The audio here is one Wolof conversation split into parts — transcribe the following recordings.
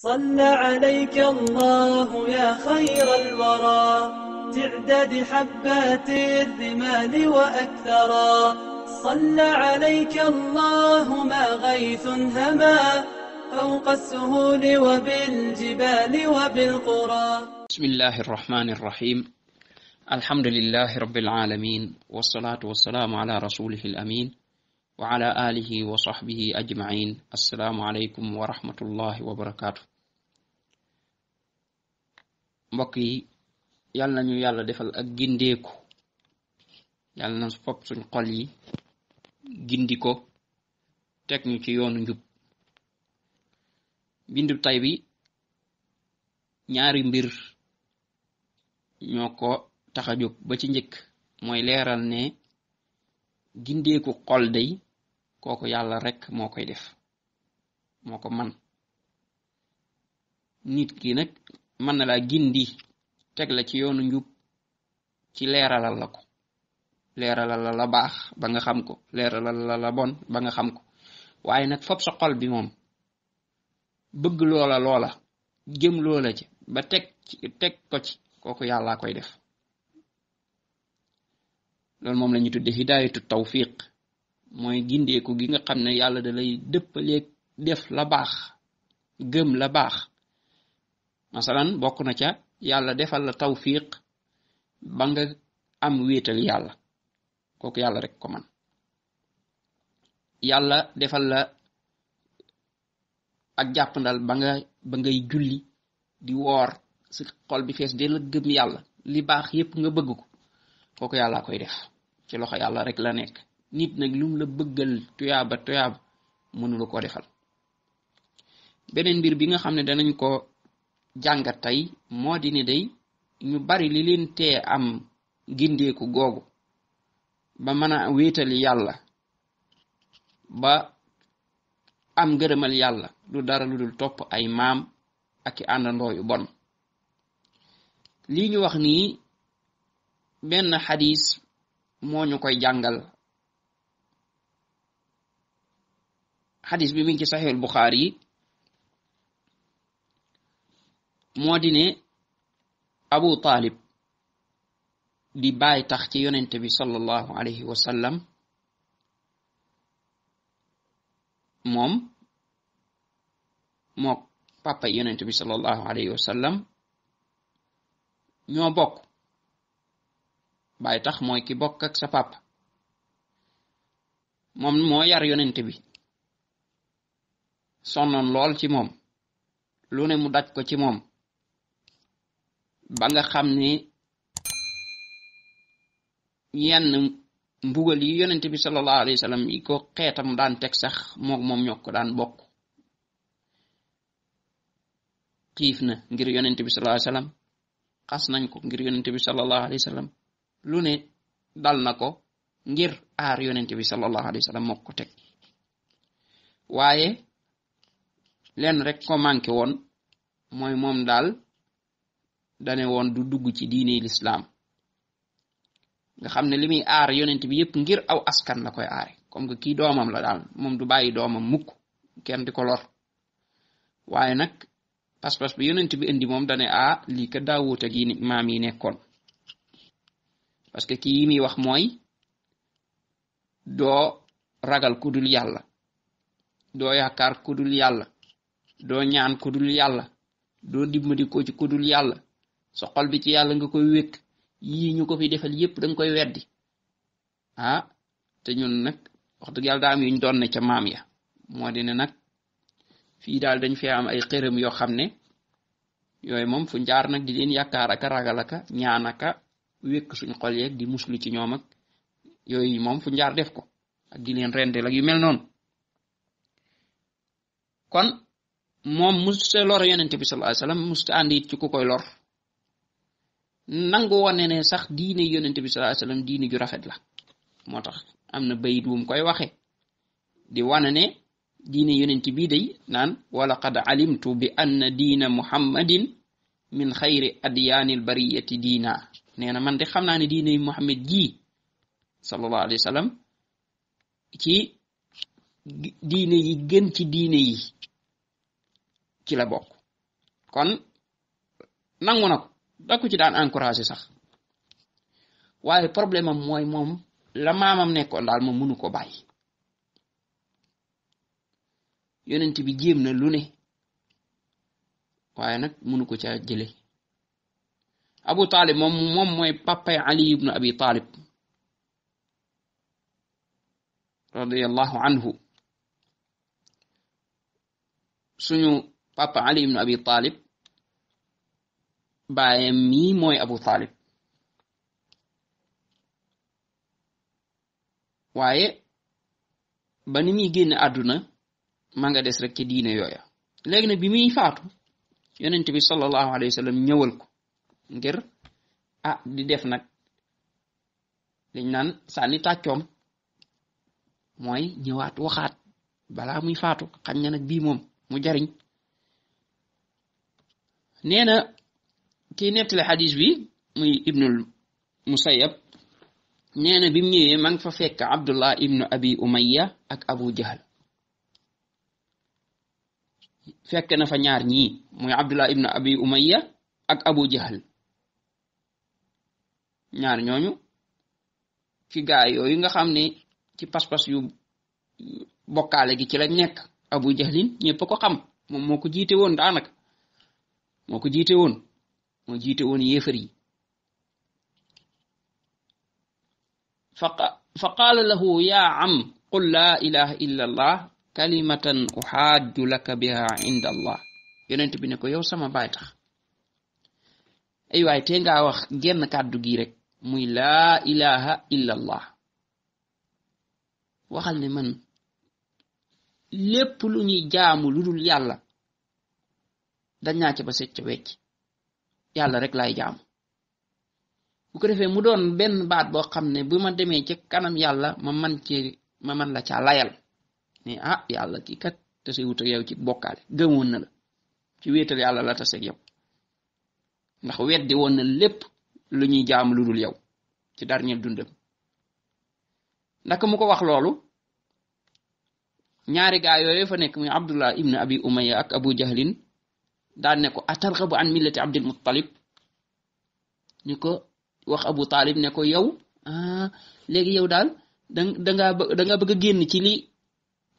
صلى عليك الله يا خير الورى تعداد حبات الرمال وأكثرا صلى عليك الله ما غيث هما فوق السهول وبالجبال وبالقرى بسم الله الرحمن الرحيم الحمد لله رب العالمين والصلاة والسلام على رسوله الأمين wa ala alihi wa sahbihi ajmain assalaamu aleykum wa rahmatullahi wa barakaatu mbokk yi yàlla nañu yàlla defal ak gindeeku yàlla na fopp suñ xol yi gindi ko ñu ci yoonu njub bindu tay bi ñaari mbir ñoo ko tax ba ci njëkk mooy leeral ne gindeeku xol day kooku yàlla rekk moo koy def moo ko man nit ki nag mën na laa gindi teg la ci yoonu njub ci leeralal la ko leeralal la la baax ba nga xam ko leeralal la la bon ba nga xam ko waaye nag fop sa xol bi moom bëgg loola loola jëm loola ci ba teg ci teg ko ci kooku yàllaa koy def loolu moom la ñu tudde hidaayatu tawfiq mooy gindeeku gi nga xam ne yàlla da lay dëppaleeg def la baax gëm la baax masalan bokk na ca yàlla defal la tawfiq ba nga am wéetal yàlla kooku yàlla rek ko man yàlla defal la ak jàppandal ba nga ba ngay julli di woor si bi fees de gëm yàlla li baax yëpp nga bëgg ko kooku yàlla koy def ci loxo yàlla rek la nekk nit nag lu mu la bëggal tuyaaba tuyaaba mënula ko defal beneen mbir bi nga xam ne danañ ko jàngat tey moo di ne day ñu bari li leen tee am gindeeku googu ba mën a wéetali yàlla ba am ngërëmal yàlla lu dara lu dul topp ay maam ak i àndandoo yu bon lii ñu wax nii benn xadis moo ñu koy jàngal xadis bi mi ngi ci saxiixul Buxaari yi moo di ne Abu Taalib di bàyyi tax ci yonente bi sallallahu alayhi wa moom mook papa yonente bi sallallahu alayhi wa ñoo bokk baay tax mooy ki bokk ak sa papa moom moo yar yonent bi sonnoon lool ci moom lu ne mu daj ko ci moom banga nga xam ni yenn mbugal yi yonent bi sallallahu alayhi wa sallam yi ko xeetam daan teg sax mook moom ñoo ko daan bokk xiif na ngir yonent bi sallallahu alayhi wa xas nañ ko ngir yonent bi sallallahu alayhi wa lu ne dal na ko ngir aar yonente bi sallallahu alayhi wa sallam moo ko teg waaye leen rek ko manqué woon mooy moom daal dane woon du dugg ci diine lislaam nga xam ne li muy aar yonent bi yépp ngir aw askan la koy aare comme que kii doomam la daal moom du bàyyi doomam mukk kenn di ko lor waaye nag pas-pas bi yonent bi indi moom dane a ah, lii ka daawut ak yi maam yi nekkoon parce que kii muy wax mooy doo ragal ku dul yàlla doo yaakaar ku yàlla doo ñaan ku yàlla doo dimbali ko ci ku yàlla so xol bi ci yàlla nga koy wékk yii ko fi defal yëpp danga koy weddi ah te ñun nag wax dëgg yàlla daa doon na ca maam ya moo di ne nag fii daal dañ fee am ay xërëm yoo xam ne yooyu moom fu njaar nag di leen yaakaar aka ragal wékk suñu xol yeeg di muslu ci ñoom yooyu moom fu njaar def ko ak di leen rendel ak yu mel noonu kon moom musta lor yonente bi sallallahu alayhi wasallam musta ànd it ci ku koy lor nangu wane ne sax diine yonente bi sallallahu alayhi wasallam diine ju rafet la moo tax am na bayit wum koy waxe di wane ne diine yonente bii day naan wala qad alimtu bi anna diina muhammadin min xayri adyaanil bariyati diina nee na man de xam naa ne diine Muhammad ji sallallahu alayhi wa ci diine yi gën ci diine yi ci la bokk kon nangu na ko da ci daan encouragé sax waaye problème mooy moom la maamam nekkoon daal moom mënu ko bàyyi yonent bi jéem na lu ne waaye nag mënu ko caa jële abu taalib moom moom mooy papay ali ibnu abi taalib radiallahu anhu suñu papa ali ibnu abi taalib baayam mii mooy abu taalib waaye ba ni muy génn àdduna ma nga des rek ci diine yooya léegi nag bi muy faatu yonent bi sallallahu alayhi wa sallam ñëwal ko ngir ah di def nag liñ naan sànni tàccoom mooy ñëwaat waxaat balaa muy faatu xañ na nag bii moom mu jariñ nee na kii nettali xadis bi muy ibnul musayab nee na ñëwee ma fa fekk abdullah ibnu abi umayya ak abu jahal fekk na fa ñaar ñi muy abdullah ibnu abi umayya ak abu jahal ñaar ñooñu ci gaay yooyu nga xam ne ci pas-pas yu bokkaale gi ci lañ nekk abu jahlin ko xam moom moo ko jiite woon daanaka moo ko jiite woon moo jiite woon yéefar yi fa qaala lahu yaa am qul laa ilaha illa allah kalimatan uxaaju biha inda allah yonent bi ne yow sama baay tax ay waay te ngaa wax genn kàddu gi rek muy laa ilaha illa allah waxal ne man lépp lu ñuy jaamu lu dul yàlla dañaa ca ba set ca wecc yàlla rek lay jaamu bu ko defee mu doon benn baat boo xam ne bu ma demee ca kanam yàlla ma man cee ma man la ci layal ne ah yàlla kii kat tase wut ak yow ci bokkaale gëmoon na la ci wéetal yàlla la tase ak yow ndax weddi woon na lépp lu ñuy jaam lu dul yow ci dernier dundam naka mu ko wax loolu ñaari gaa yooyu fa nekk muy abdullah ibn abi umaya abu jahlin daan ne ko atarxabu an millati abdil muttalib ni ko wax abu taalib ne ko yow ah léegi yow daal da dangaa da nga bëgg génn ci li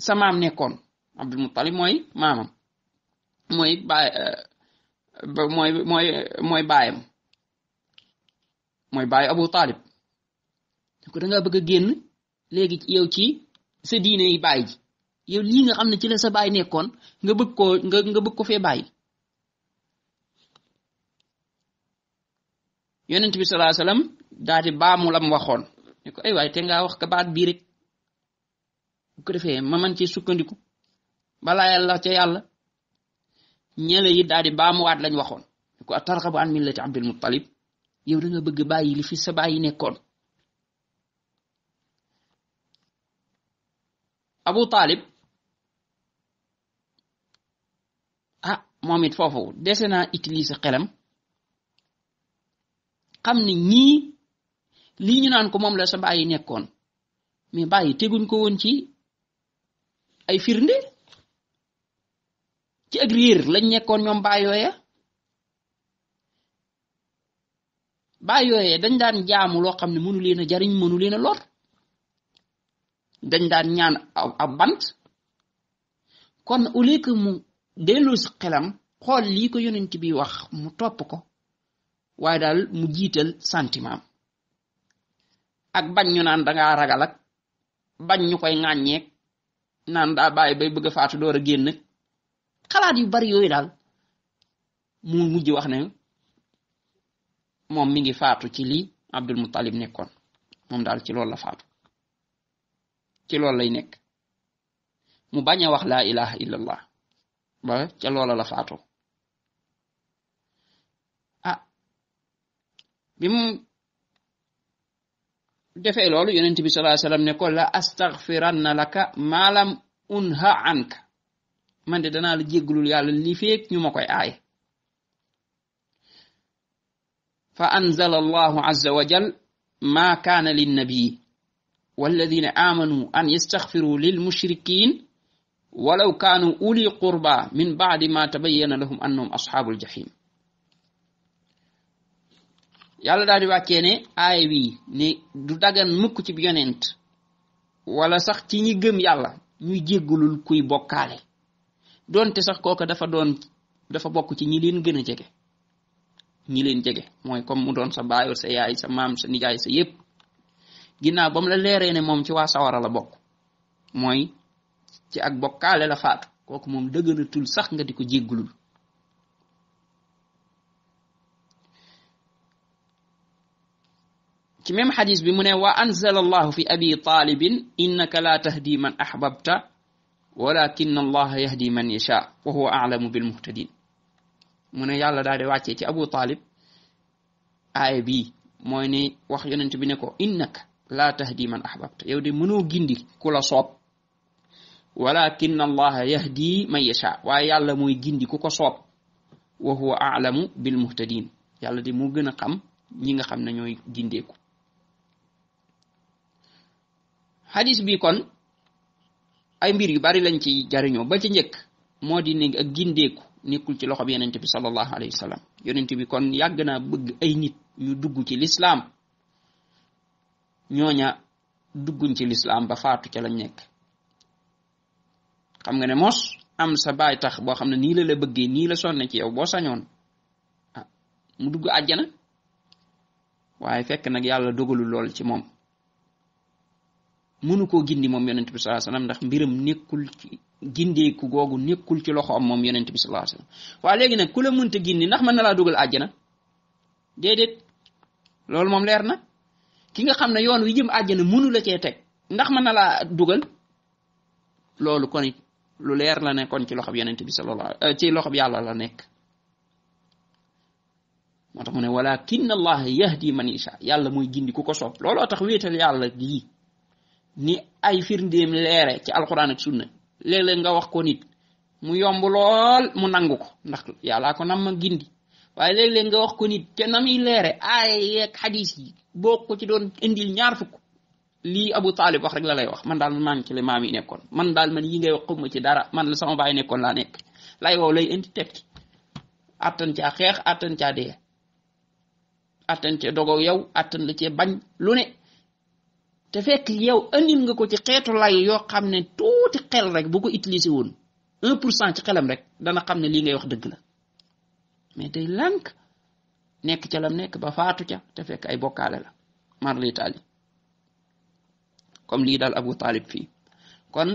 sa maam nekkoon abdul muttalib mooy maamam mooy baay eh, mooy mooy mooy baayam mooy bàyyi abu taalib ko danga bëgg a génn léegi yow ci sa diine yi bàyyi yow lii nga xam ne ci la sa bàyyi nekkoon nga bëgg koo nga bëgg ko fee bàyyi yonent bi salaa salaam daal di baamu lam waxoon ne ko ay waay te wax ka baat bii rek bu ko defee ma man ci sukkandiku balaa yàlla ca yàlla ñele yi daal di lañ waxoon ne ko atarxabu an millati abdul muttalib yow da nga bëgg bàyyi li fi sa bàyyi nekkoon abu taalib ah moom it foofu dese naa utiliser xelam xam ne ñii lii ñu naan ko moom la sa yi nekkoon mais bàyyi teguñ ko woon ci ay firnde ci ak réer lañ nekkoon ñoom bàyyooya baa yooyee dañ daan jaamu loo xam ne mënu leen a jariñ mënu leen a dañ daan ñaan ab bant kon au mu dellu si xelam xool lii ko yonent bi wax mu topp ko waaye daal mu jiital sentiment ak bañ ñu naan dangaa ragal bañ ñu koy ŋàññeek naan daa bàyyi bay bëgg a faatu a génn xalaat yu bari yooyu daal mu mujj wax ne moom mi ngi faatu ci lii Abdul Muttalib nekkoon moom daal ci loolu la faatu ci loolu lay nekk mu bañ a wax laa ilaha ba ca loola la faatoo ah bi mu defee loolu yonent bi sallallahu alayhi wasallam la astaghfiranna laka maalam unha anka man de danaa la jéggalul li feek ñu koy aaye fa anzala allahu azza wa jal maa kaana linnabii walladina aamanuu an yastaxfiruu lilmushrikin walaw kaanu uli qurba min baadi ma tabayyana lahum annahum asxaabul jahim yàlla daal di wàccee ne aaya bii ne du dagan mukk ci yonent wala sax ci ñi gëm yàlla ñuy jéggalul kuy bokkaale doonte sax kooka dafa doon dafa bokk ci ñi leen gën ñi leen jege mooy comme mu doon sa baay sa yaay sa maam sa nijaay sa yépp ginnaaw ba mu la leeree ne moom ci waa sawara la bokk mooy ci ak bokkaale la faatu kooku moom dëgënatul sax nga di ko jéggulul ci même xadis bi mu ne wa anzala allahu fi abi taalibin innaka la tahdi man ahbabta walakin allaha yahdi man yasha wa huwa a'lamu bilmuhtadin mu ne yàlla daal di wàccee ci abu taalib aaya bii mooy ni wax yonent bi ne ko innaka laa tahdi man ahbabta yow de mënoo gindi ku la wala walakin allaha yahdi man yasha waaye yàlla mooy gindi ku ko soob wa huwa aalamu bil muhtadin yàlla de moo gën a xam ñi nga xam ne ñooy gindeeku xadis bi kon ay mbir yu bari lañ ci jariñoo ba ci njëkk moo di ne ak gindeeku nekkul ci loxob yonent bi sallallahu alayhi wa sallam yonent bi kon yàgg naa bëgg ay nit yu dugg ci lislaam ñooña dugguñ ci lislaam ba faatu ca lañ nekk xam nga ne mos am sa baay tax boo xam ne nii la la bëggee nii la sonne ci yow boo sañoon ah, mu dugg àjjana waaye fekk nag yàlla dogalul lool ci moom mënu koo gindi moom yonent bi sallallahu ndax mbiram nekkul gindeeku googu nekkul ci loxoom moom yonent bi sallallahu alayhi wasallam waaye léegi nag ku la mënta gindi ndax mën na laa dugal àjjana déedéet loolu moom leer na ki nga xam ne yoon wi jëm àjjana mënu la cee teg ndax mën na laa dugal loolu kon lu leer la ne kon ci loxob yonent bi sallallahu ci loxob yàlla la nekk moo tax mu ne walakin allah yahdi man yasha yàlla mooy gindi ko soob looloo tax wéetal yàlla lii ni ay firndeem leere ci alquran ak sunna léeg-léeg nga wax ko nit mu yomb lool mu nangu ko ndax yàllaa ko nam ma gindi waaye léeg-léeg nga wax ko nit te na muy leere aaya yeeg xadis yi boo ko ci doon indil ñaar fukk lii Abu Taalib wax rek la lay wax man daal maa ci la yi nekkoon man daal man yi ngay wax xawma ci dara man la sama baay nekkoon laa nekk lay wow lay indi teg ci attan xeex attan caa dee attan cee dogoog yow attan la cee bañ lu ne te fekk yow andil nga ko ci xeetu lay yoo xam ne tuuti xel rek bu ko utilisé woon un pour cent ci xelam rek dana xam ne lii ngay wax dëgg la mais tey lank nekk ca lam nekk ba faatu ca te fekk ay bokkaale la mar litaali comme lii daal Abu Talib fii kon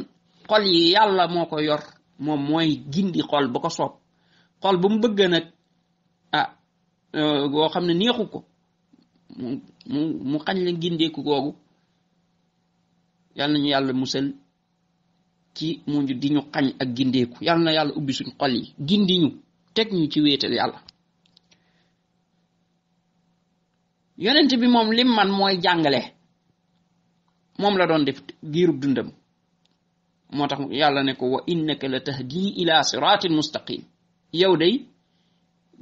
xol yi yàlla moo ko yor moom mooy gindi xol ba ko soob xol bu mu bëgg nag ah euh, goo xam ne neexu ko mu mu mu xañ la gindeeku googu yàlla nañu yàlla musal ci muñu di ñu xañ ak gindeeku yàlla na yàlla ubbi suñ xol yi gindi ñu teg ñu ci wéetal yàlla yonent bi moom lim man mooy jàngale moom la doon def giirub dundam moo tax yàlla ne ko wa innaka la tahdi ila siratin mustaqim yow day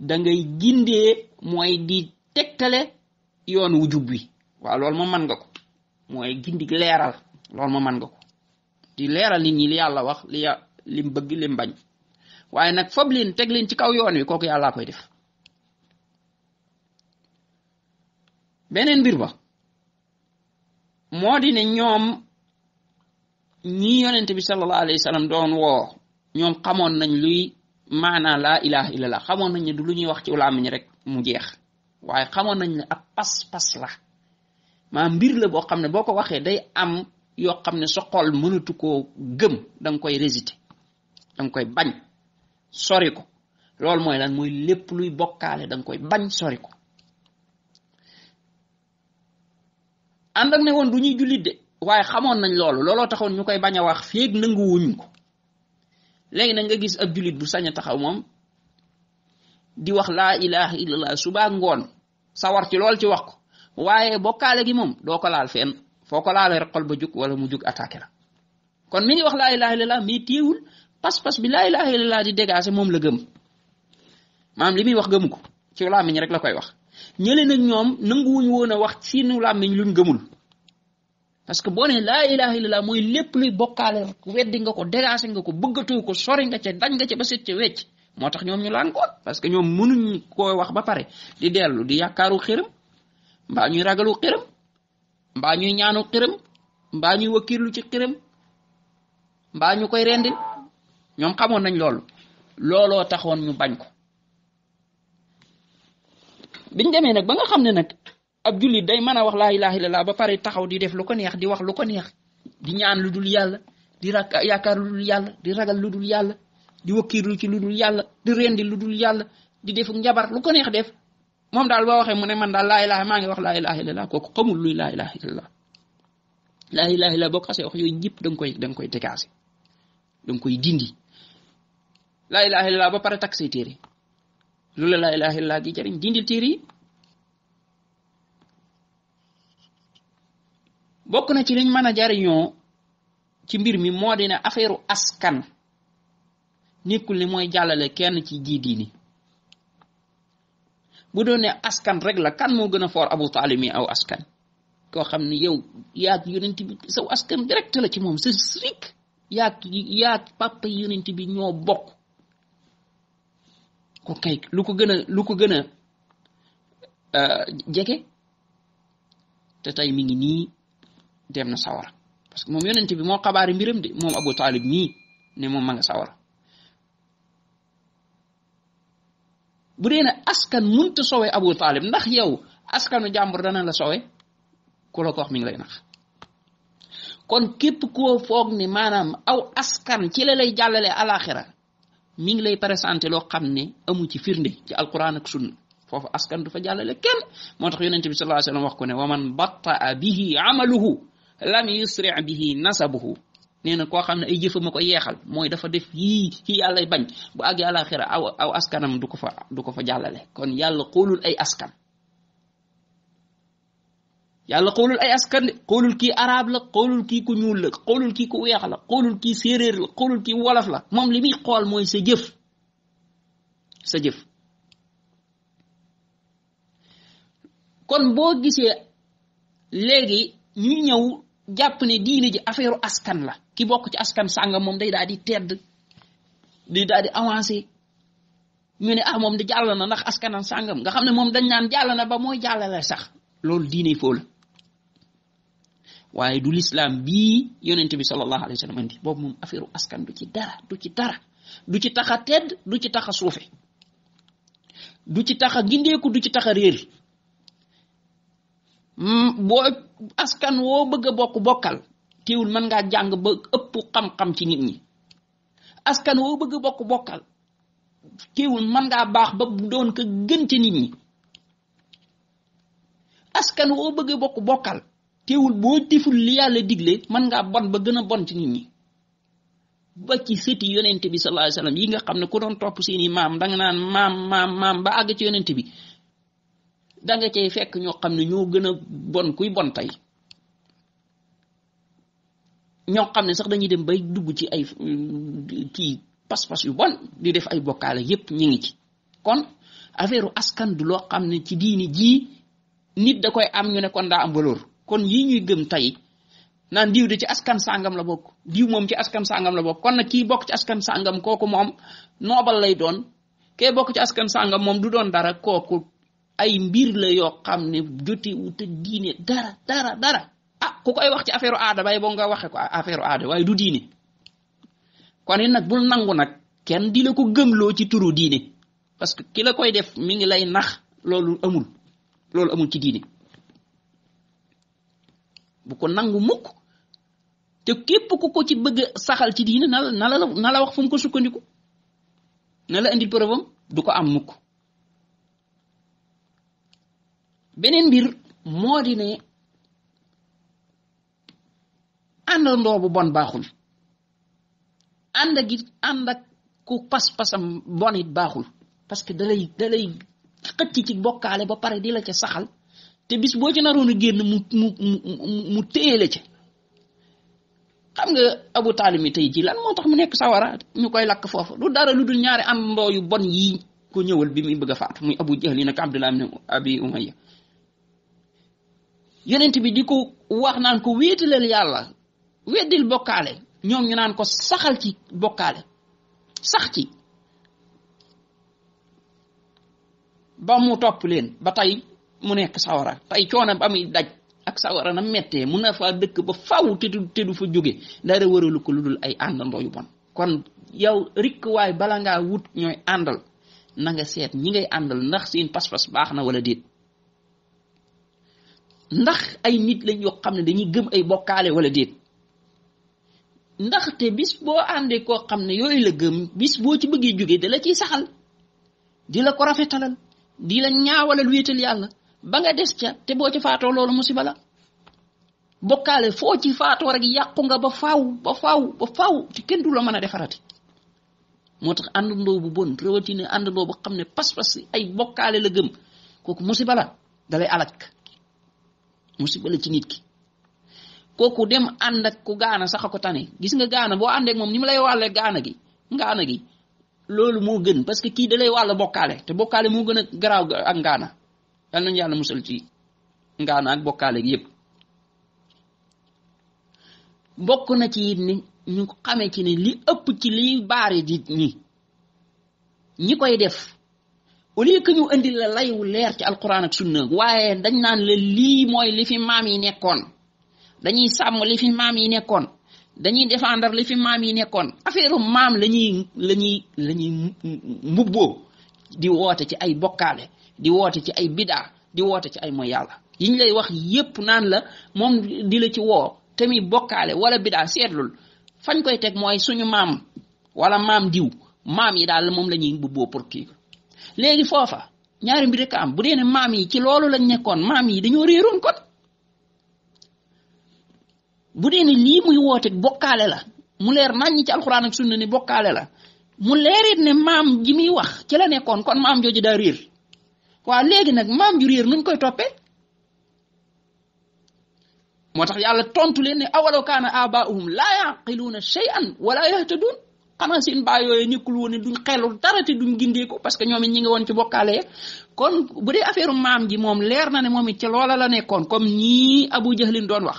da ngay gindee mooy di tegtale yoon wu wi waaw loolu moom man nga ko mooy gindi leeral loolu ma man nga ko di leeral nit ñi li yàlla wax li ya lim bëgg lim bañ waaye nag fab leen teg leen ci kaw yoon wi kooku yàllaa koy def beneen mbir ba moo di ne ñoom ñii yonente bi sallallahu alayhi wa doon woo ñoom xamoon nañ luy maanaa laa ilaha illallah xamoon nañ ne lu ñuy wax ci rek mu jeex waaye xamoon nañ ne ab pas-pas la maa mbir la boo xam ne boo ko waxee day am yoo xam ne sa xol mënatu koo gëm da nga koy résité da nga koy bañ sori ko loolu mooy lan mooy lépp luy bokkaale da nga koy bañ sori ko ànd ak ne woon du ñuy jullit de waaye xamoon nañ loolu looloo taxoon ñu koy bañ a wax féeg nangu wuñ ko léegi nag nga gis ab jullit bu sañ a taxaw moom di wax laa ilaha illallah suba ngoon sawar ci lool ci wax ko waaye bokkaale gi moom doo ko laal fenn foo ko laalee rek xol ba jug wala mu jug attaqué la kon mi ngi wax laa ilaha illallah mais téewul pas-pas bi laa ilaha illallah di dégager moom la gëm maanaam li muy wax gëmu ko ci làmmiñ rek la koy wax ñële nag ñoom nanguwuñ woon a wax siinu làmmiñ luñ gëmul parce que boo ne laa ilaha illallah mooy lépp luy bokkaale weddi nga ko dégager nga ko bëggatoo ko sori nga cee dañ nga ca ba set ca wecc moo tax ñoom ñu lànkoon parce que ñoom mënuñ koo wax ba pare di dellu di yaakaaru xërëm mbaa ñuy ragalu xërëm mbaa ñuy ñaanu xiram mbaa ñuy wakkirlu ci xiram mbaa ñu koy rendil ñoom xamoon nañ lool looloo taxoon ñu bañ ko biñ demee nag ba nga xam ne nag ab jullit day mën a wax laa ilaha laa ba pare taxaw di def lu ko neex di wax lu ko neex di ñaan lu dul yàlla di ra yaakaar lu dul yàlla di ragal lu dul yàlla di wakkirlu ci lu dul yàlla di rendil lu dul yàlla di def njabar lu ko neex def moom daal boo waxee mu ne man daal laa ilaha maa ngi wax laa ilaha illallah kooku xamul luy laa ilaha illallah laa ilaha wax yooyu ñëpp da koy da koy dégaase da nga koy dindi laa ilaha illallah ba pare takk say téere loolu la laa ilaha illallah di jëriñ bokk na ci liñ mën a jariñoo ci mbir mi moo dina ne affaire askan nekkul ne mooy jàllale kenn ci ji bu doon ne askan rek la kan moo gën a foor abu taalib mi aw askan koo xam ne yow yaag yonent bi saw askan direct la ci moom sa srik yaag yaag papa yonent bi ñoo bokk ko kay lu ko gën a lu ko gën a euh, jege te tey mi ngi nii dem na sawara parce que moom yonent bi moo xabaari mbiram de moom abu taalib mii ne moom ma nga sawara bu na ne askan mënta sowe Abu Talib ndax yow askanu jàmbur dana la sowe ku la wax mi ngi lay nax kon képp ko foog ni maanaam aw askan ci la lay jàllale alaaxira mi ngi lay présenté loo xam ni amu ci firnde ci alquran ak sunna foofu askan du fa jàllale kenn moo tax yonente bi sallallahu alayhi wax ko ne wa man batta'a bihi amaluhu lam yusri' bihi nasabuhu nee na koo xam ne ay jëfama ko yeexal mooy dafa def yii ci yàlla bañ bu àggee àlaxira aw aw askanam du ko fa du ko fa jàllale kon yàlla xoolul ay askan xoolul ay askan de xoolul kii arab la xoolul kii ku ñuul la xoolul kii ku weex la xoolul kii séeréer la xoolul kii wolof la moom li muy xool mooy sa jëf sa jëf kon boo gisee léegi ñu ñëw jàpp ne diine ji affaire askan la ki bokk ci askan sàngam moom day daal di tedd day daal di avancé ñu ne ah moom di jàll na ndax askanam sàngam nga xam ne moom dañ naan jàll na ba mooy jàllale sax loolu diine foo la waaye du lislaam bii yonent bi sallallahu alayhi wa sallam andi boobu moom affaire askan du ci dara du ci dara du ci tax a tedd du ci tax a suufe du ci tax a du ci tax a réer Mm, boo askan woo bëgg bokk bokkal teewul man ngaa jàng ba ëpp xam ci nit ñi askan woo bëgg bokk bokkal teewul mën ngaa baax ba doon ko gën ci nit ñi askan woo bëgg bokk bokkal teewul boo diful li yàlla digle mën nga bon ba gën a bon ci nit ñi ba ci sëti yonent bi sallallahu alayhi wasallam yi nga xam ne ku doon topp seeni maam danga naan maam maam ba àgg ci yonent bi da nga fekk ñoo xam ne ñoo gën a bon kuy bon tey ñoo xam ne sax dañuy dem bay dugg ci ay kii mm, pas-pas yu bon di def ay bokkaale yépp ñu ngi ci kon affaire askan du loo xam ne ci diini jii nit da koy am ñu ne kon daa am valeur kon yii ñuy gëm tey naan diw de ci askan sàngam la bokk diw moom ci askan sàngam la bokk kon nag kii bokk ci askan sàngam kooku moom noobal lay doon kee bokk ci askan sàngam moom du doon dara kooku ay mbir la yoo xam ne jotewut ak diine dara dara dara ah ku koy wax ci affaire aada bay boo nga waxee ko affaire aada waaye du diine kon it nag bul nangu nag kenn di la ko gëmloo ci turu diine parce que ki la koy def mi ngi lay nax loolu amul loolu amul ci diine bu ko nangu mukk te képp ku ko ci bëgg saxal ci diine nala la wax fu mu ko sukkandiku na la indil preuve du ko am mukk beneen mbir moo di ne àndandoo bu bon baaxul ànd ak ànd ak ku pas-pasam bon it baaxul parce que dalay dalay xëcc ci bokkaale ba pare di la ca saxal te bis boo ci naroon a génn mu mu mu mu téye la ca xam nga abu taalib mi tey jii lan moo tax mu nekk sawara ñu koy lakk foofu lu dara lu dul ñaari àndandoo yu bon yi ko ñëwal bi muy bëgg a faatu muy abu jahlin ak abdullah ibn abi umayya yonent bi di ko wax naan ko wéetaleel yàlla weddil bokkaale ñoom ñu naan ko saxal ci bokkaale sax ci ba mu topp leen ba tey mu nekk sawara tey coono ba muy daj ak sawara na mettee mun na faa dëkk ba faw te du fa jóge dara waralu ko lu dul ay àndandoo yu bon kon yow rikk waay bala ngaa wut ñooy àndal nanga seet ñi ngay àndal ndax seen pas-pas baax na wala déet ndax ay nit lañ yoo xam ne dañuy gëm ay bokkaale wala déet ndaxte bis boo àndee koo xam ne yooyu la gëm bis boo ci bëggee jóge da la ciy saxal di la ko rafetalal di la ñaawalal wéetal yàlla ba nga des ca te boo ci faatoo loolu musiba la bokkaale foo ci faatoo rek yàqu nga ba faaw ba faaw ba faaw te kenn du la mën a defarati moo tax àndandoo bu bon rawatina àndandoo bu xam ne pas-pas ay bokkaale la gëm kooku musiba la dalay alak musiba la ci nit ki kooku dem ànd ak ku gaana sax a ko tane gis nga gaana boo àndeek moom ni mu lay wàllee gaana gi ngaana gi loolu moo gën parce que kii da lay wàll bokkaale te bokkaale moo gën a garaaw ak ngaana yal nañu yàlla musal ci ngaana bokkaale gi yépp bokk na ci it ni ñu xamee ci ne li ëpp ci liy baare nit ñi ñi koy def au lieu que ñu indi la layu leer ci alquran ak sunna waaye dañ naan la lii mooy lifi maam yi nekkoon dañuy sàmm li maam yi nekkoon dañuy défendre li fi maam yi nekkoon affaire maam la ñuy la ñuy la mbubboo di woote ci ay bokkaale di woote ci ay bidaa di woote ci ay mooy yàlla yiñ lay wax yépp naan la moom di la ci woo tamit bokkaale wala bidaa seetlul fañ koy teg mooy suñu maam wala maam diw maam yi daal moom la ñuy mbubboo pour kii léegi foofa ñaari mbir rek am bu dee ne maam yi ci loolu lañ nekkoon maam yi dañoo réeroon kon bu dee ne lii muy woote bokkaale la mu leer naññ ci alxuraan ak sunna ni bokkaale la mu leerit ne maam ji muy wax ci la nekkoon kon maam jooju daa réer waaw léegi nag maam ju réer nuñ koy toppe moo tax yàlla tontu leen ne awalaw kaana abaahum laa yaqiluuna shay'an wala yahtaduun xanaa seen baay yooyu nekkul woon ne duñ xelul dara te duñ gindeeku parce que ñoom it ñi ngi woon ci bokkaale ya kon bu dee affaire maam ji moom leer na ne moom it ci loola la nekkoon comme nii Abu Jahlin doon wax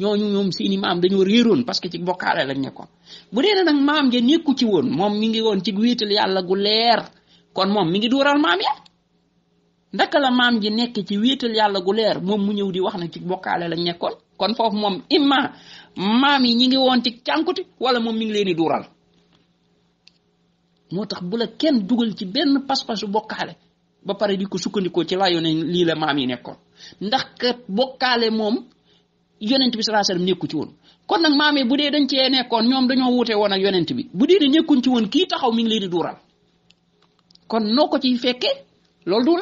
ñooñu ñoom seeni maam dañoo réeroon parce que ci bokkaale lañ nekkoon bu dee ne maam ja nekku ci woon moom mi ngi woon ci wéetal yàlla gu leer kon moom mi ngi dóoral maam ya ndaka la maam ji nekk ci wéetal yàlla gu leer moom mu ñëw di wax na ci bokkaale lañ nekkoon kon foofu moom imma maam yi ñi ngi woon ci cànkute wala moom mu ngi leen di duural moo tax bu la kenn dugal ci benn pas-pasu bokkaale ba pare di ko sukkandikoo ci laa yone lii la maam yi nekkoon ndax kat bokkaale moom yonent bi sallallahu alayhi wasallam nekku ci woon kon nag maam yi bu dee dañ cee nekkoon ñoom dañoo wuute woon ak yonent bi bu dee nekkuñ ci woon kii taxaw ngi leen di duural noo ko ciy fekkee loolu du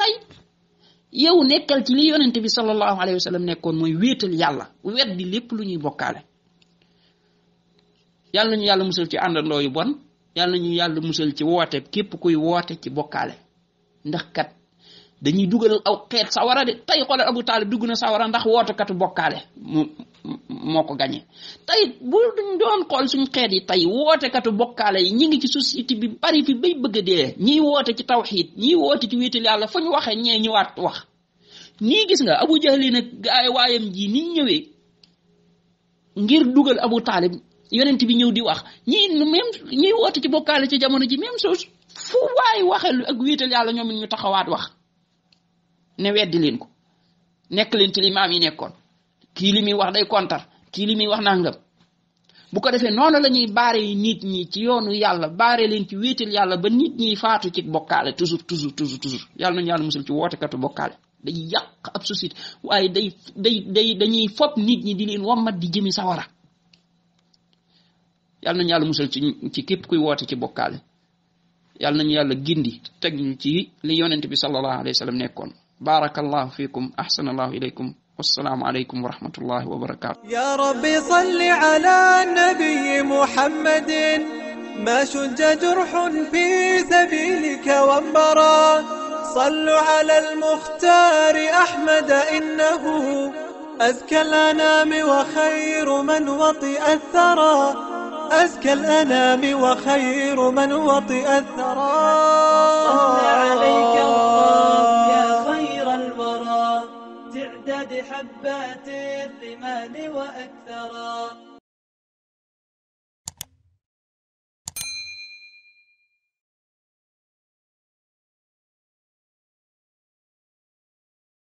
yow nekkal ci li yonent bi sallallahu alayhi wasallam nekkoon mooy wéetal yàlla wet di lépp lu ñuy bokkaale yàlla nañu yàlla musal ci àndandoo yu bon yàlla nañu yàlla musal ci woote képp kuy woote ci bokkaale ndax kat dañuy dugalal aw xeet sawara de tey xoolal abu taalib dugg na sawara ndax wootekatu bokkaale moo ko gañee tey bu duñ doon xool suñ xeet yi tey woote katu bokkaale yi ñi ngi ci société bi bari fi bay bëgg a dee ñiy woote ci tawxiid ñiy woote ci wéetal yàlla fu ñu waxee ñee ñëwaat wax nii gis nga abu jahli nag gaay waayam ji ni ñëwee ngir dugal abu taalib yonent bi ñëw di wax ñii même ñuy woote ci bokkaale ci jamono ji même soo fu waay waxee ak wéetal yàlla ñoom ñu taxawaat wax ne weddi leen ko nekk leen ci maam yi nekkoon kii li muy wax day kontar kii li muy wax nangam bu ko defee noonu la ñuy baare nit ñi ci yoonu yàlla baare leen ci wéetal yàlla ba nit ñiy faatu ci bokkaale toujours toujours toujours toujours yàlla nañu yàlla musul ci woote wootekatu bokkaale day yàq ab société waaye day day da dañuy fopp nit ñi di leen wommat di jëmi sawara yàlla nañu yàlla musal ci ci képp kuy woote ci bokkaale yàlla nañu yàlla gindi teg ñu ci li yonent bi sallallahu alayhi wa sallam nekkoon barakallahu fikum ahsana allahu ilaykum والسلام عليكم ورحمة الله وبركاته يا ربي صل على النبي محمد ما شج جرح في سبيلك وانبرى صلوا على المختار أحمد إنه أزكى الأنام وخير من وطئ الثرى أزكى الأنام وخير من وطئ الثرى صلى عليك الله يا خير الورى تعداد حبات الرمال وأكثرا